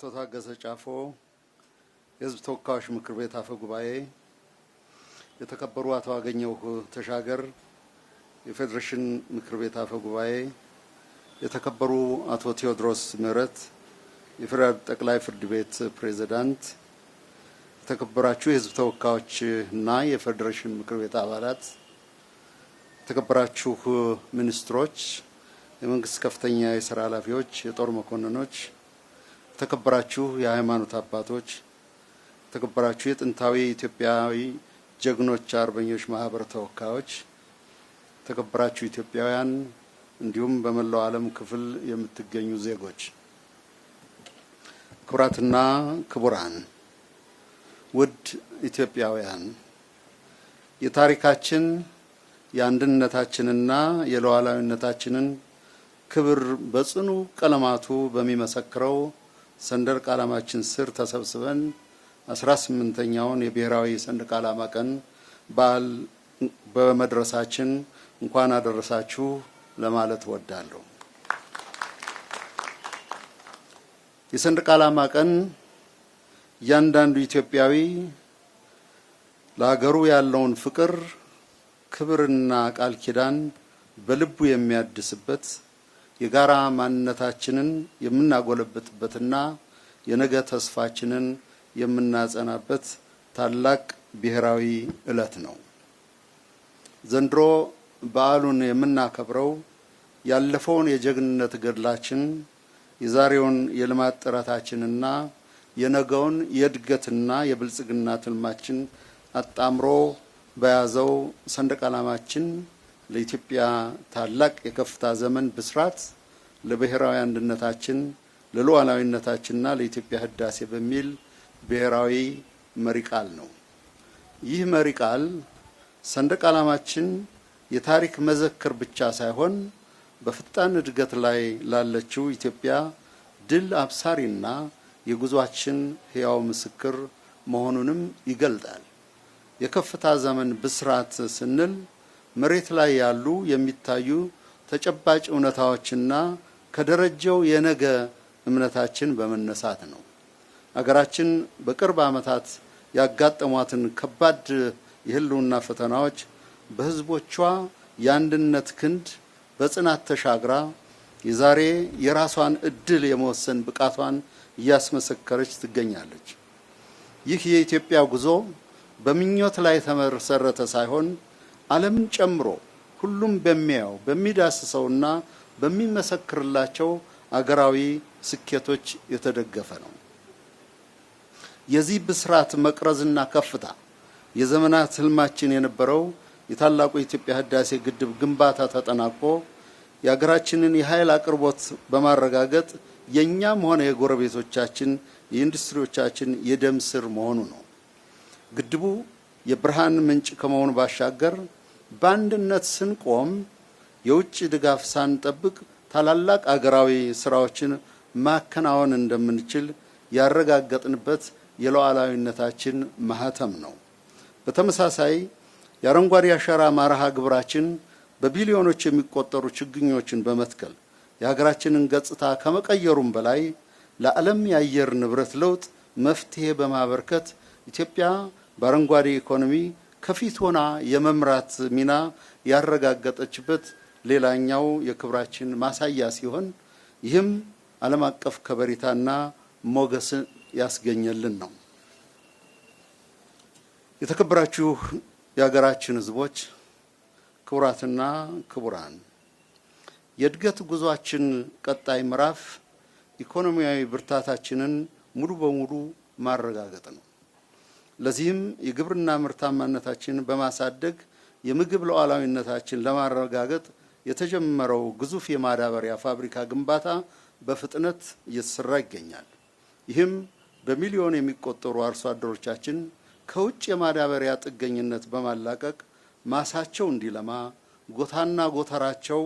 አቶ ታገሰ ጫፎ የህዝብ ተወካዮች ምክር ቤት አፈ ጉባኤ፣ የተከበሩ አቶ አገኘው ተሻገር የፌዴሬሽን ምክር ቤት አፈ ጉባኤ፣ የተከበሩ አቶ ቴዎድሮስ ምህረት የፌዴራል ጠቅላይ ፍርድ ቤት ፕሬዚዳንት የተከበራችሁ የህዝብ ተወካዮች እና የፌዴሬሽን ምክር ቤት አባላት፣ የተከበራችሁ ሚኒስትሮች፣ የመንግስት ከፍተኛ የስራ ኃላፊዎች፣ የጦር መኮንኖች ተከበራችሁ የሃይማኖት አባቶች፣ ተከብራችሁ የጥንታዊ ኢትዮጵያዊ ጀግኖች አርበኞች ማህበር ተወካዮች፣ ተከበራችሁ ኢትዮጵያውያን፣ እንዲሁም በመላው ዓለም ክፍል የምትገኙ ዜጎች፣ ክቡራትና ክቡራን፣ ውድ ኢትዮጵያውያን የታሪካችን የአንድነታችንና የሉዓላዊነታችንን ክብር በጽኑ ቀለማቱ በሚመሰክረው ሰንደቅ ዓላማችን ስር ተሰብስበን አስራ ስምንተኛውን የብሔራዊ ሰንደቅ ዓላማ ቀን በዓል በመድረሳችን እንኳን አደረሳችሁ ለማለት እወዳለሁ። የሰንደቅ ዓላማ ቀን እያንዳንዱ ኢትዮጵያዊ ለሀገሩ ያለውን ፍቅር፣ ክብርና ቃል ኪዳን በልቡ የሚያድስበት የጋራ ማንነታችንን የምናጎለብትበትና የነገ ተስፋችንን የምናጸናበት ታላቅ ብሔራዊ ዕለት ነው። ዘንድሮ በዓሉን የምናከብረው ያለፈውን የጀግንነት ገድላችን፣ የዛሬውን የልማት ጥረታችንና የነገውን የእድገትና የብልጽግና ትልማችን አጣምሮ በያዘው ሰንደቅ ዓላማችን ለኢትዮጵያ ታላቅ የከፍታ ዘመን ብስራት፣ ለብሔራዊ አንድነታችን፣ ለሉዓላዊነታችንና ለኢትዮጵያ ህዳሴ በሚል ብሔራዊ መሪ ቃል ነው። ይህ መሪ ቃል ሰንደቅ ዓላማችን የታሪክ መዘክር ብቻ ሳይሆን በፍጣን እድገት ላይ ላለችው ኢትዮጵያ ድል አብሳሪና የጉዟችን ህያው ምስክር መሆኑንም ይገልጣል። የከፍታ ዘመን ብስራት ስንል መሬት ላይ ያሉ የሚታዩ ተጨባጭ እውነታዎችና ከደረጀው የነገ እምነታችን በመነሳት ነው። አገራችን በቅርብ ዓመታት ያጋጠሟትን ከባድ የህልውና ፈተናዎች በህዝቦቿ የአንድነት ክንድ በጽናት ተሻግራ የዛሬ የራሷን እድል የመወሰን ብቃቷን እያስመሰከረች ትገኛለች። ይህ የኢትዮጵያ ጉዞ በምኞት ላይ የተመሰረተ ሳይሆን ዓለምን ጨምሮ ሁሉም በሚያየው በሚዳስሰውና በሚመሰክርላቸው አገራዊ ስኬቶች የተደገፈ ነው። የዚህ ብስራት መቅረዝና ከፍታ የዘመናት ህልማችን የነበረው የታላቁ የኢትዮጵያ ህዳሴ ግድብ ግንባታ ተጠናቆ የሀገራችንን የኃይል አቅርቦት በማረጋገጥ የእኛም ሆነ የጎረቤቶቻችን የኢንዱስትሪዎቻችን የደም ስር መሆኑ ነው። ግድቡ የብርሃን ምንጭ ከመሆኑ ባሻገር በአንድነት ስንቆም የውጭ ድጋፍ ሳንጠብቅ ታላላቅ አገራዊ ስራዎችን ማከናወን እንደምንችል ያረጋገጥንበት የሉዓላዊነታችን ማህተም ነው። በተመሳሳይ የአረንጓዴ አሻራ መርሃ ግብራችን በቢሊዮኖች የሚቆጠሩ ችግኞችን በመትከል የሀገራችንን ገጽታ ከመቀየሩም በላይ ለዓለም የአየር ንብረት ለውጥ መፍትሄ በማበርከት ኢትዮጵያ በአረንጓዴ ኢኮኖሚ ከፊት ሆና የመምራት ሚና ያረጋገጠችበት ሌላኛው የክብራችን ማሳያ ሲሆን ይህም ዓለም አቀፍ ከበሬታና ሞገስን ያስገኘልን ነው። የተከበራችሁ የሀገራችን ሕዝቦች፣ ክቡራትና ክቡራን የእድገት ጉዟችን ቀጣይ ምዕራፍ ኢኮኖሚያዊ ብርታታችንን ሙሉ በሙሉ ማረጋገጥ ነው። ለዚህም የግብርና ምርታማነታችንን በማሳደግ የምግብ ሉዓላዊነታችን ለማረጋገጥ የተጀመረው ግዙፍ የማዳበሪያ ፋብሪካ ግንባታ በፍጥነት እየተሰራ ይገኛል። ይህም በሚሊዮን የሚቆጠሩ አርሶ አደሮቻችን ከውጭ የማዳበሪያ ጥገኝነት በማላቀቅ ማሳቸው እንዲለማ ጎታና ጎተራቸው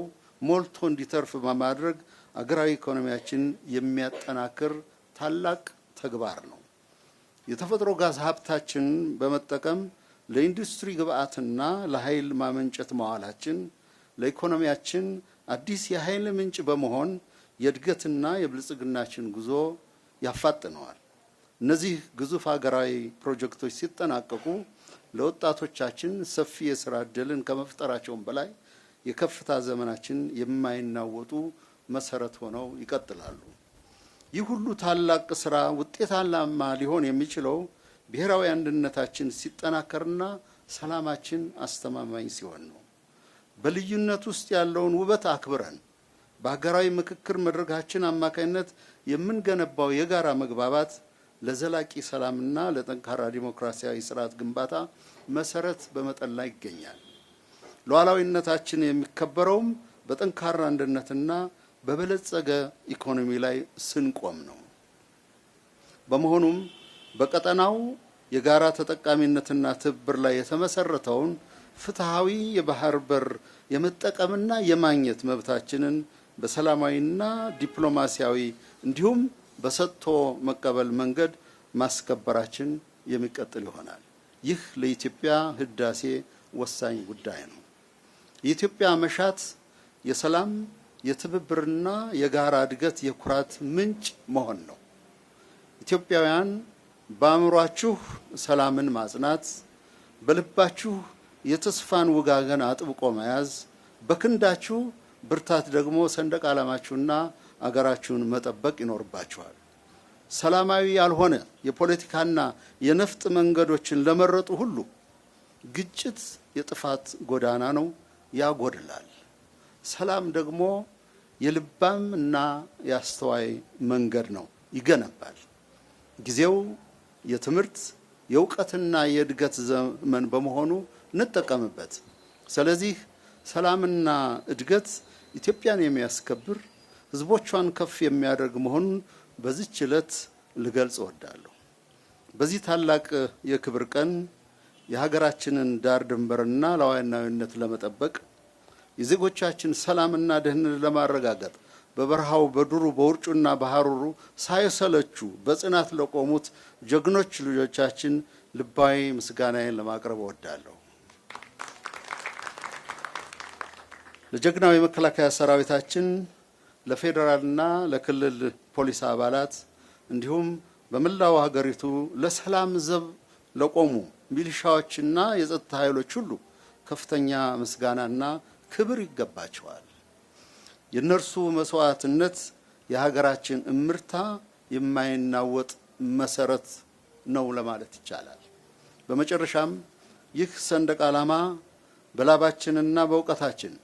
ሞልቶ እንዲተርፍ በማድረግ አገራዊ ኢኮኖሚያችን የሚያጠናክር ታላቅ ተግባር ነው። የተፈጥሮ ጋዝ ሀብታችንን በመጠቀም ለኢንዱስትሪ ግብዓትና ለኃይል ማመንጨት መዋላችን ለኢኮኖሚያችን አዲስ የኃይል ምንጭ በመሆን የእድገትና የብልጽግናችን ጉዞ ያፋጥነዋል። እነዚህ ግዙፍ ሀገራዊ ፕሮጀክቶች ሲጠናቀቁ ለወጣቶቻችን ሰፊ የስራ እድልን ከመፍጠራቸውም በላይ የከፍታ ዘመናችን የማይናወጡ መሰረት ሆነው ይቀጥላሉ። ይህ ሁሉ ታላቅ ስራ ውጤታማ ሊሆን የሚችለው ብሔራዊ አንድነታችን ሲጠናከርና ሰላማችን አስተማማኝ ሲሆን ነው። በልዩነት ውስጥ ያለውን ውበት አክብረን በሀገራዊ ምክክር መድረካችን አማካኝነት የምንገነባው የጋራ መግባባት ለዘላቂ ሰላምና ለጠንካራ ዲሞክራሲያዊ ስርዓት ግንባታ መሰረት በመጠን ላይ ይገኛል። ሉዓላዊነታችን የሚከበረውም በጠንካራ አንድነትና በበለጸገ ኢኮኖሚ ላይ ስንቆም ነው። በመሆኑም በቀጠናው የጋራ ተጠቃሚነትና ትብብር ላይ የተመሰረተውን ፍትሃዊ የባህር በር የመጠቀምና የማግኘት መብታችንን በሰላማዊና ዲፕሎማሲያዊ እንዲሁም በሰጥቶ መቀበል መንገድ ማስከበራችን የሚቀጥል ይሆናል። ይህ ለኢትዮጵያ ህዳሴ ወሳኝ ጉዳይ ነው። የኢትዮጵያ መሻት የሰላም የትብብርና የጋራ እድገት የኩራት ምንጭ መሆን ነው። ኢትዮጵያውያን በአእምሯችሁ ሰላምን ማጽናት፣ በልባችሁ የተስፋን ውጋገን አጥብቆ መያዝ፣ በክንዳችሁ ብርታት ደግሞ ሰንደቅ ዓላማችሁና አገራችሁን መጠበቅ ይኖርባችኋል። ሰላማዊ ያልሆነ የፖለቲካና የነፍጥ መንገዶችን ለመረጡ ሁሉ ግጭት የጥፋት ጎዳና ነው፣ ያጎድላል። ሰላም ደግሞ የልባም እና የአስተዋይ መንገድ ነው፣ ይገነባል። ጊዜው የትምህርት የእውቀትና የእድገት ዘመን በመሆኑ እንጠቀምበት። ስለዚህ ሰላምና እድገት ኢትዮጵያን የሚያስከብር ሕዝቦቿን ከፍ የሚያደርግ መሆኑን በዚች ዕለት ልገልጽ እወዳለሁ። በዚህ ታላቅ የክብር ቀን የሀገራችንን ዳር ድንበርና ሉዓላዊነት ለመጠበቅ የዜጎቻችን ሰላምና ደህንነት ለማረጋገጥ በበረሃው በዱሩ በውርጩና በሐሩሩ ሳይሰለቹ በጽናት ለቆሙት ጀግኖች ልጆቻችን ልባዊ ምስጋናዬን ለማቅረብ እወዳለሁ። ለጀግናው የመከላከያ ሰራዊታችን፣ ለፌዴራልና ለክልል ፖሊስ አባላት እንዲሁም በመላው ሀገሪቱ ለሰላም ዘብ ለቆሙ ሚሊሻዎችና የጸጥታ ኃይሎች ሁሉ ከፍተኛ ምስጋናና ክብር ይገባቸዋል። የእነርሱ መስዋዕትነት የሀገራችን እምርታ የማይናወጥ መሰረት ነው ለማለት ይቻላል። በመጨረሻም ይህ ሰንደቅ ዓላማ በላባችንና በእውቀታችን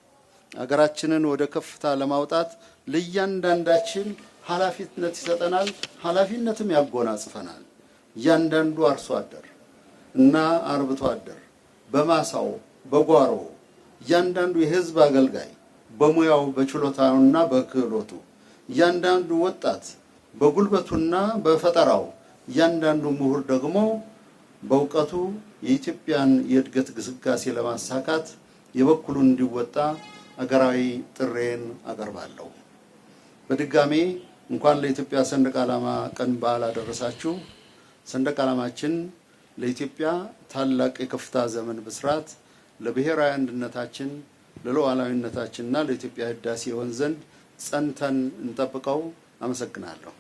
አገራችንን ወደ ከፍታ ለማውጣት ለእያንዳንዳችን ኃላፊነት ይሰጠናል፣ ኃላፊነትም ያጎናጽፈናል። እያንዳንዱ አርሶ አደር እና አርብቶ አደር በማሳው በጓሮው እያንዳንዱ የህዝብ አገልጋይ በሙያው በችሎታውና በክህሎቱ፣ እያንዳንዱ ወጣት በጉልበቱና በፈጠራው፣ እያንዳንዱ ምሁር ደግሞ በእውቀቱ የኢትዮጵያን የእድገት ግስጋሴ ለማሳካት የበኩሉን እንዲወጣ አገራዊ ጥሬን አቀርባለሁ። በድጋሜ እንኳን ለኢትዮጵያ ሰንደቅ ዓላማ ቀን በዓል አደረሳችሁ። ሰንደቅ ዓላማችን ለኢትዮጵያ ታላቅ የከፍታ ዘመን ብስራት ለብሔራዊ አንድነታችን ለሉዓላዊነታችንና ለኢትዮጵያ ህዳሴ የሆን ዘንድ ጸንተን እንጠብቀው። አመሰግናለሁ።